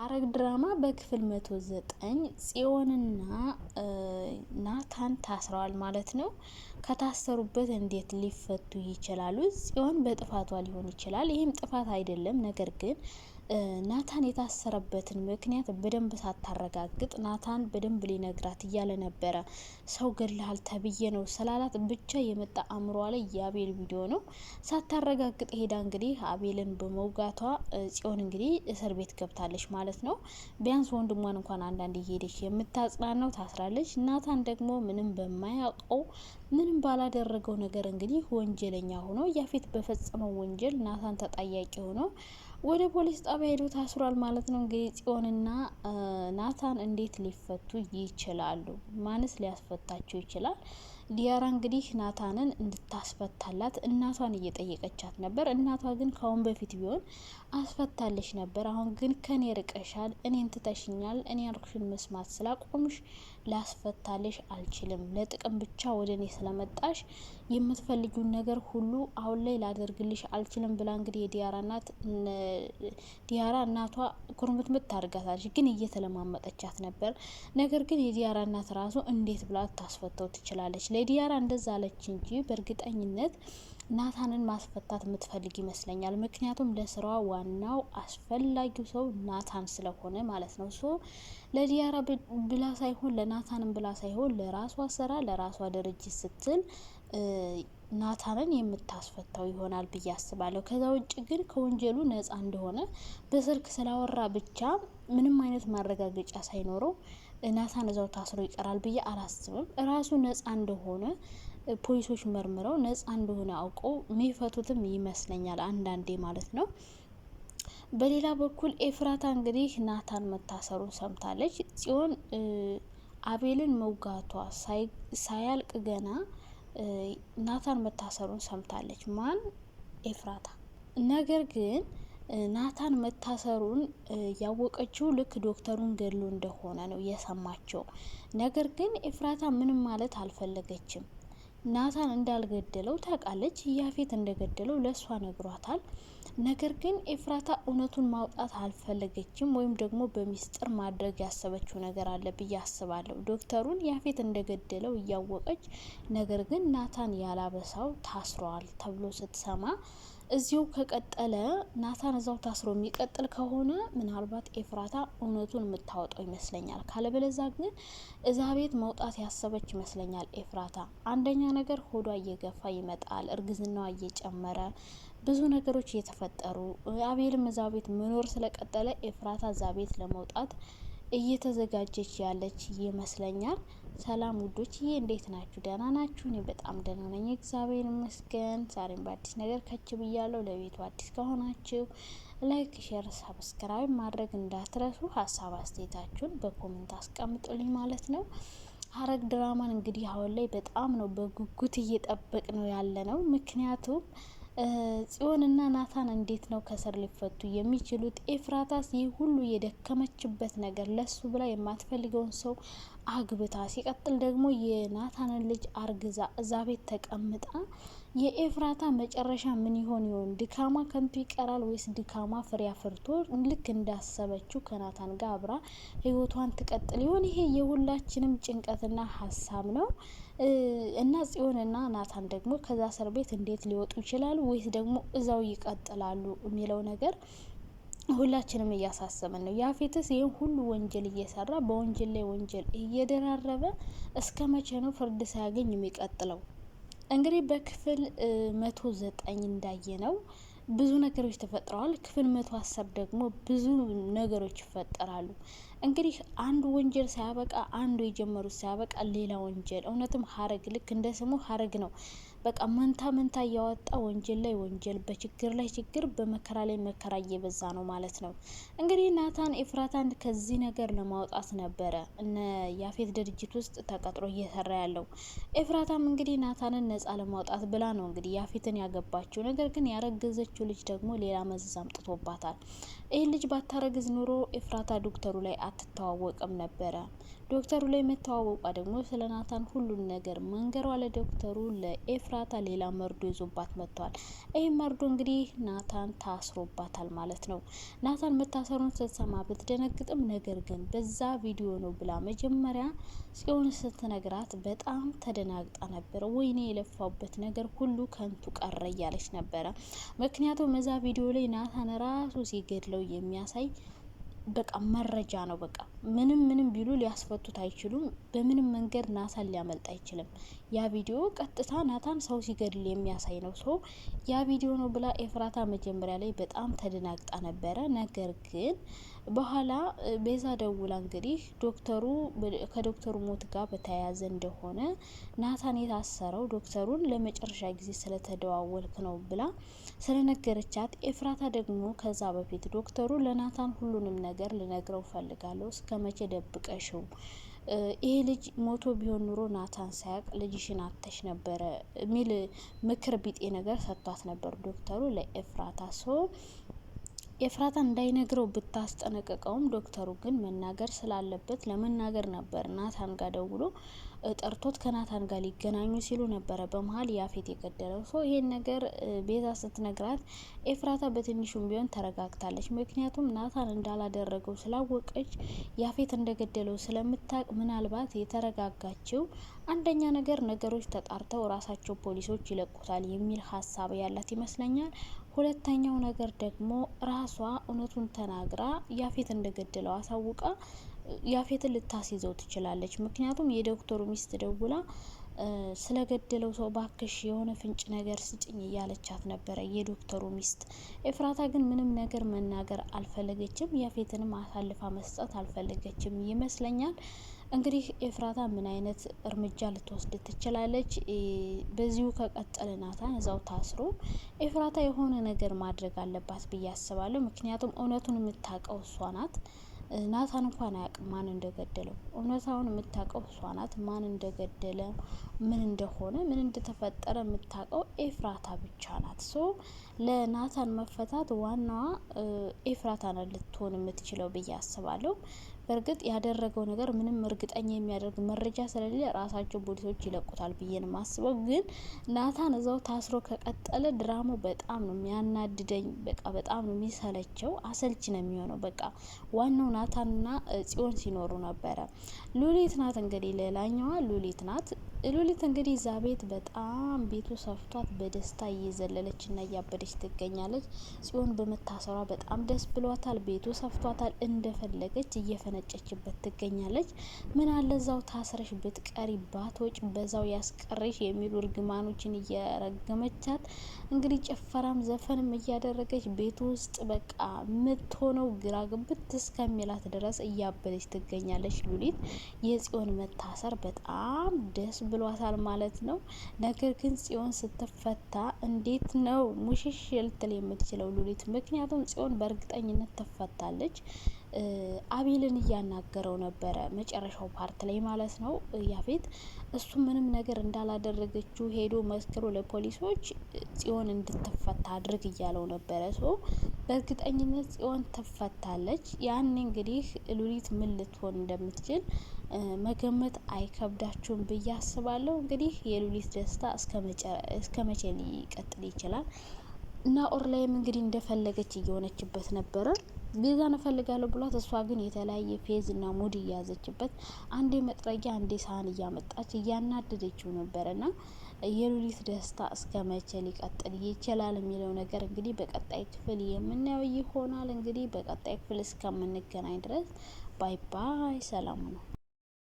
ሐረግ ድራማ በክፍል መቶ ዘጠኝ ጽዮንና ናታን ታስረዋል ማለት ነው። ከታሰሩበት እንዴት ሊፈቱ ይችላሉ? ጽዮን በጥፋቷ ሊሆን ይችላል። ይህም ጥፋት አይደለም፣ ነገር ግን ናታን የታሰረበትን ምክንያት በደንብ ሳታረጋግጥ ናታን በደንብ ሊነግራት እያለ ነበረ። ሰው ገድልሃል ተብዬ ነው ስላላት ብቻ የመጣ አእምሯ ላይ የአቤል ቪዲዮ ነው። ሳታረጋግጥ ሄዳ እንግዲህ አቤልን በመውጋቷ ጽዮን እንግዲህ እስር ቤት ገብታለች ማለት ነው። ቢያንስ ወንድሟን እንኳን አንዳንድ እየሄደች የምታጽናናው ታስራለች። ናታን ደግሞ ምንም በማያውቀው ምንም ባላደረገው ነገር እንግዲህ ወንጀለኛ ሆኖ ያፌት በፈጸመው ወንጀል ናታን ተጠያቂ ሆኖ ወደ ፖሊስ ጣቢያ ሄዶ ታስሯል ማለት ነው። እንግዲህ ጽዮንና ናታን እንዴት ሊፈቱ ይችላሉ? ማንስ ሊያስፈታቸው ይችላል? ዲያራ እንግዲህ ናታንን እንድታስፈታላት እናቷን እየጠየቀቻት ነበር። እናቷ ግን ካሁን በፊት ቢሆን አስፈታልሽ ነበር፣ አሁን ግን ከኔ ርቀሻል፣ እኔን ትተሽኛል፣ እኔ ያልኩሽን መስማት ስላቆምሽ ላስፈታልሽ አልችልም። ለጥቅም ብቻ ወደ እኔ ስለመጣሽ የምትፈልጊውን ነገር ሁሉ አሁን ላይ ላደርግልሽ አልችልም ብላ እንግዲህ የዲያራ ዲያራ እናቷ ኩርምትምት አድርጋታለች፣ ግን እየተለማመጠቻት ነበር። ነገር ግን የዲያራ እናት ራሱ እንዴት ብላ ታስፈታው ትችላለች? ለዲያራ እንደዛ አለች እንጂ በእርግጠኝነት ናታንን ማስፈታት የምትፈልግ ይመስለኛል። ምክንያቱም ለስራዋ ዋናው አስፈላጊው ሰው ናታን ስለሆነ ማለት ነው። ሶ ለዲያራ ብላ ሳይሆን ለናታንን ብላ ሳይሆን ለራሷ ስራ፣ ለራሷ ድርጅት ስትል ናታንን የምታስፈታው ይሆናል ብዬ አስባለሁ። ከዛ ውጭ ግን ከወንጀሉ ነጻ እንደሆነ በስልክ ስላወራ ብቻ ምንም አይነት ማረጋገጫ ሳይኖረው ናታን እዛው ታስሮ ይቀራል ብዬ አላስብም። እራሱ ነጻ እንደሆነ ፖሊሶች መርምረው ነጻ እንደሆነ አውቀው የሚፈቱትም ይመስለኛል፣ አንዳንዴ ማለት ነው። በሌላ በኩል ኤፍራታ እንግዲህ ናታን መታሰሩን ሰምታለች። ጽዮን አቤልን መውጋቷ ሳያልቅ ገና ናታን መታሰሩን ሰምታለች። ማን? ኤፍራታ። ነገር ግን ናታን መታሰሩን ያወቀችው ልክ ዶክተሩን ገድሎ እንደሆነ ነው የሰማቸው። ነገር ግን ኤፍራታ ምንም ማለት አልፈለገችም። ናታን እንዳልገደለው ታውቃለች። ያፌት እንደገደለው ለእሷ ነግሯታል። ነገር ግን ኤፍራታ እውነቱን ማውጣት አልፈለገችም። ወይም ደግሞ በሚስጥር ማድረግ ያሰበችው ነገር አለ ብዬ አስባለሁ። ዶክተሩን ያፌት እንደገደለው እያወቀች ነገር ግን ናታን ያላበሳው ታስሯል ተብሎ ስትሰማ እዚሁ ከቀጠለ ናታን እዛው ታስሮ የሚቀጥል ከሆነ ምናልባት ኤፍራታ እውነቱን የምታወጣው ይመስለኛል። ካለበለዛ ግን እዛ ቤት መውጣት ያሰበች ይመስለኛል ኤፍራታ። አንደኛ ነገር ሆዷ እየገፋ ይመጣል፣ እርግዝናዋ እየጨመረ ብዙ ነገሮች እየተፈጠሩ አቤልም እዛ ቤት መኖር ስለቀጠለ ኤፍራታ እዛ ቤት ለመውጣት እየተዘጋጀች ያለች ይመስለኛል። ሰላም ውዶች፣ ይሄ እንዴት ናችሁ? ደህና ናችሁ? እኔ በጣም ደህና ነኝ፣ እግዚአብሔር ይመስገን። ዛሬም በአዲስ ነገር ከች ብያለሁ። ለቤቱ አዲስ ከሆናችሁ ላይክ፣ ሼር፣ ሰብስክራይብ ማድረግ እንዳትረሱ። ሀሳብ አስተያየታችሁን በኮሜንት አስቀምጡልኝ ማለት ነው። ሐረግ ድራማን እንግዲህ አሁን ላይ በጣም ነው በጉጉት እየጠበቅ ነው ያለ ነው ምክንያቱም ጽዮንና ናታን እንዴት ነው ከስር ሊፈቱ የሚችሉት? ኤፍራታስ ይህ ሁሉ የደከመችበት ነገር ለሱ ብላ የማትፈልገውን ሰው አግብታ፣ ሲቀጥል ደግሞ የናታንን ልጅ አርግዛ እዛ ቤት ተቀምጣ የኤፍራታ መጨረሻ ምን ይሆን ይሆን? ድካማ ከንቱ ይቀራል ወይስ ድካማ ፍሬ አፍርቶ ልክ እንዳሰበችው ከናታን ጋር አብራ ህይወቷን ትቀጥል ይሆን? ይሄ የሁላችንም ጭንቀትና ሀሳብ ነው። እና ጽዮንና ናታን ደግሞ ከዛ እስር ቤት እንዴት ሊወጡ ይችላሉ ወይስ ደግሞ እዛው ይቀጥላሉ የሚለው ነገር ሁላችንም እያሳሰበን ነው። ያፌትስ ይህን ሁሉ ወንጀል እየሰራ በወንጀል ላይ ወንጀል እየደራረበ እስከ መቼ ነው ፍርድ ሳያገኝ የሚቀጥለው? እንግዲህ በክፍል መቶ ዘጠኝ እንዳየ ነው ብዙ ነገሮች ተፈጥረዋል። ክፍል መቶ ሀሳብ ደግሞ ብዙ ነገሮች ይፈጠራሉ። እንግዲህ አንዱ ወንጀል ሳያበቃ አንዱ የጀመሩት ሳያበቃ ሌላ ወንጀል እውነትም ሀረግ ልክ እንደ ስሙ ሀረግ ነው። በቃ መንታ መንታ እያወጣ ወንጀል ላይ ወንጀል፣ በችግር ላይ ችግር፣ በመከራ ላይ መከራ እየበዛ ነው ማለት ነው። እንግዲህ ናታን ኤፍራታን ከዚህ ነገር ለማውጣት ነበረ እነ ያፌት ድርጅት ውስጥ ተቀጥሮ እየሰራ ያለው። ኤፍራታም እንግዲህ ናታንን ነጻ ለማውጣት ብላ ነው እንግዲህ ያፌትን ያገባችው። ነገር ግን ያረገዘችው ልጅ ደግሞ ሌላ መዘዝ አምጥቶባታል። ይህ ልጅ ባታረግዝ ኑሮ ኤፍራታ ዶክተሩ ላይ አትተዋወቅም ነበረ። ዶክተሩ ላይ መተዋወቋ ደግሞ ስለ ናታን ሁሉን ነገር መንገሯ ለዶክተሩ ለኤፍራታ ሌላ መርዶ ይዞባት መጥቷል። ይህም መርዶ እንግዲህ ናታን ታስሮባታል ማለት ነው። ናታን መታሰሩን ስትሰማ ብትደነግጥም፣ ነገር ግን በዛ ቪዲዮ ነው ብላ መጀመሪያ ጽዮን ስትነግራት በጣም ተደናግጣ ነበረ። ወይኔ የለፋበት ነገር ሁሉ ከንቱ ቀረ እያለች ነበረ። ምክንያቱም እዛ ቪዲዮ ላይ ናታን ራሱ ሲገድለው የሚያሳይ በቃ መረጃ ነው። በቃ ምንም ምንም ቢሉ ሊያስፈቱት አይችሉም። በምንም መንገድ ናታን ሊያመልጥ አይችልም። ያ ቪዲዮ ቀጥታ ናታን ሰው ሲገድል የሚያሳይ ነው። ሰው ያ ቪዲዮ ነው ብላ ኤፍራታ መጀመሪያ ላይ በጣም ተደናግጣ ነበረ። ነገር ግን በኋላ ቤዛ ደውላ እንግዲህ ዶክተሩ ከዶክተሩ ሞት ጋር በተያያዘ እንደሆነ ናታን የታሰረው ዶክተሩን ለመጨረሻ ጊዜ ስለተደዋወልክ ነው ብላ ስለነገረቻት ኤፍራታ ደግሞ ከዛ በፊት ዶክተሩ ለናታን ሁሉንም ነገር ልነግረው ፈልጋለሁ እስከ መቼ ደብቀሽው? ይሄ ልጅ ሞቶ ቢሆን ኑሮ ናታን ሳያቅ ልጅሽን አተሽ ነበረ የሚል ምክር ቢጤ ነገር ሰጥቷት ነበር ዶክተሩ ለኤፍራታ ሰው ኤፍራታ እንዳይነግረው ብታስጠነቅቀውም ዶክተሩ ግን መናገር ስላለበት ለመናገር ነበር ናታን ጋር ደውሎ ጠርቶት ከናታን ጋር ሊገናኙ ሲሉ ነበረ በመሀል ያፌት የገደለው ሰው። ይሄን ነገር ቤዛ ስትነግራት ኤፍራታ በትንሹም ቢሆን ተረጋግታለች። ምክንያቱም ናታን እንዳላደረገው ስላወቀች ያፌት እንደገደለው ስለምታቅ ምናልባት የተረጋጋችው አንደኛ ነገር ነገሮች ተጣርተው ራሳቸው ፖሊሶች ይለቁታል የሚል ሀሳብ ያላት ይመስለኛል። ሁለተኛው ነገር ደግሞ ራሷ እውነቱን ተናግራ ያፌት እንደገደለው አሳውቃ ያፌትን ልታስይዘው ትችላለች። ምክንያቱም የዶክተሩ ሚስት ደውላ ስለገደለው ሰው ባክሽ የሆነ ፍንጭ ነገር ስጭኝ እያለቻት ነበረ የዶክተሩ ሚስት። ኤፍራታ ግን ምንም ነገር መናገር አልፈለገችም። ያፌትንም አሳልፋ መስጠት አልፈለገችም ይመስለኛል። እንግዲህ ኤፍራታ ምን አይነት እርምጃ ልትወስድ ትችላለች? በዚሁ ከቀጠለ ናታን እዛው ታስሮ ኤፍራታ የሆነ ነገር ማድረግ አለባት ብዬ አስባለሁ። ምክንያቱም እውነቱን የምታውቀው እሷ ናት። ናታን እንኳን አያውቅም ማን እንደገደለው። እውነታውን የምታውቀው እሷ ናት። ማን እንደገደለ፣ ምን እንደሆነ፣ ምን እንደተፈጠረ የምታውቀው ኤፍራታ ብቻ ናት። ሶ ለናታን መፈታት ዋናዋ ኤፍራታ ናት ልትሆን የምትችለው ብዬ አስባለሁ። በእርግጥ ያደረገው ነገር ምንም እርግጠኛ የሚያደርግ መረጃ ስለሌለ ራሳቸው ፖሊሶች ይለቁታል ብዬ ነው ግን ናታን እዛው ታስሮ ከቀጠለ ድራማው በጣም ነው የሚያናድደኝ። በቃ በጣም ነው የሚሰለቸው፣ አሰልች ነው የሚሆነው። በቃ ዋናው ናታንና ጽዮን ሲኖሩ ነበረ። ሉሊት ናት እንግዲህ ሌላኛዋ ሉሊት ናት። ሉሊት እንግዲህ እዛ ቤት በጣም ቤቱ ሰፍቷት በደስታ እየዘለለች እና እያበደች ትገኛለች። ጽዮን በመታሰሯ በጣም ደስ ብሏታል። ቤቱ ሰፍቷታል። እንደፈለገች እየፈነጨችበት ትገኛለች። ምን አለ እዛው ታስረሽ ብትቀሪ ባትወጭ በዛው ያስቀረሽ የሚሉ እርግማኖችን እየረገመቻት እንግዲህ ጭፈራም ዘፈንም እያደረገች ቤቱ ውስጥ በቃ ምትሆነው ግራ ግብት እስከሚላት ድረስ እያበደች ትገኛለች። ሉሊት የጽዮን መታሰር በጣም ደስ ብሏታል ማለት ነው። ነገር ግን ጽዮን ስትፈታ እንዴት ነው ሙሽሽ ልትል የምትችለው ሉሊት? ምክንያቱም ጽዮን በእርግጠኝነት ትፈታለች። አቤልን እያናገረው ነበረ፣ መጨረሻው ፓርት ላይ ማለት ነው። ያፌት እሱ ምንም ነገር እንዳላደረገችው ሄዶ መስክሮ ለፖሊሶች ጽዮን እንድትፈታ አድርግ እያለው ነበረ። ሶ በእርግጠኝነት ጽዮን ትፈታለች። ያኔ እንግዲህ ሉሊት ምን ልትሆን እንደምትችል መገመት አይከብዳችሁም ብዬ አስባለሁ። እንግዲህ የሉሊት ደስታ እስከ መቼ ሊቀጥል ይችላል? እና ኦር ላይም እንግዲህ እንደፈለገች እየሆነችበት ነበረ። ቤዛን እፈልጋለሁ ብሏት፣ እሷ ግን የተለያየ ፌዝ እና ሙድ እያዘችበት አንዴ መጥረጊያ አንዴ ሳህን እያመጣች እያናደደችው ነበር እና የሉሊት ደስታ እስከ መቼ ሊቀጥል ይችላል የሚለው ነገር እንግዲህ በቀጣይ ክፍል የምናየው ይሆናል። እንግዲህ በቀጣይ ክፍል እስከምንገናኝ ድረስ ባይ ባይ፣ ሰላም ነው።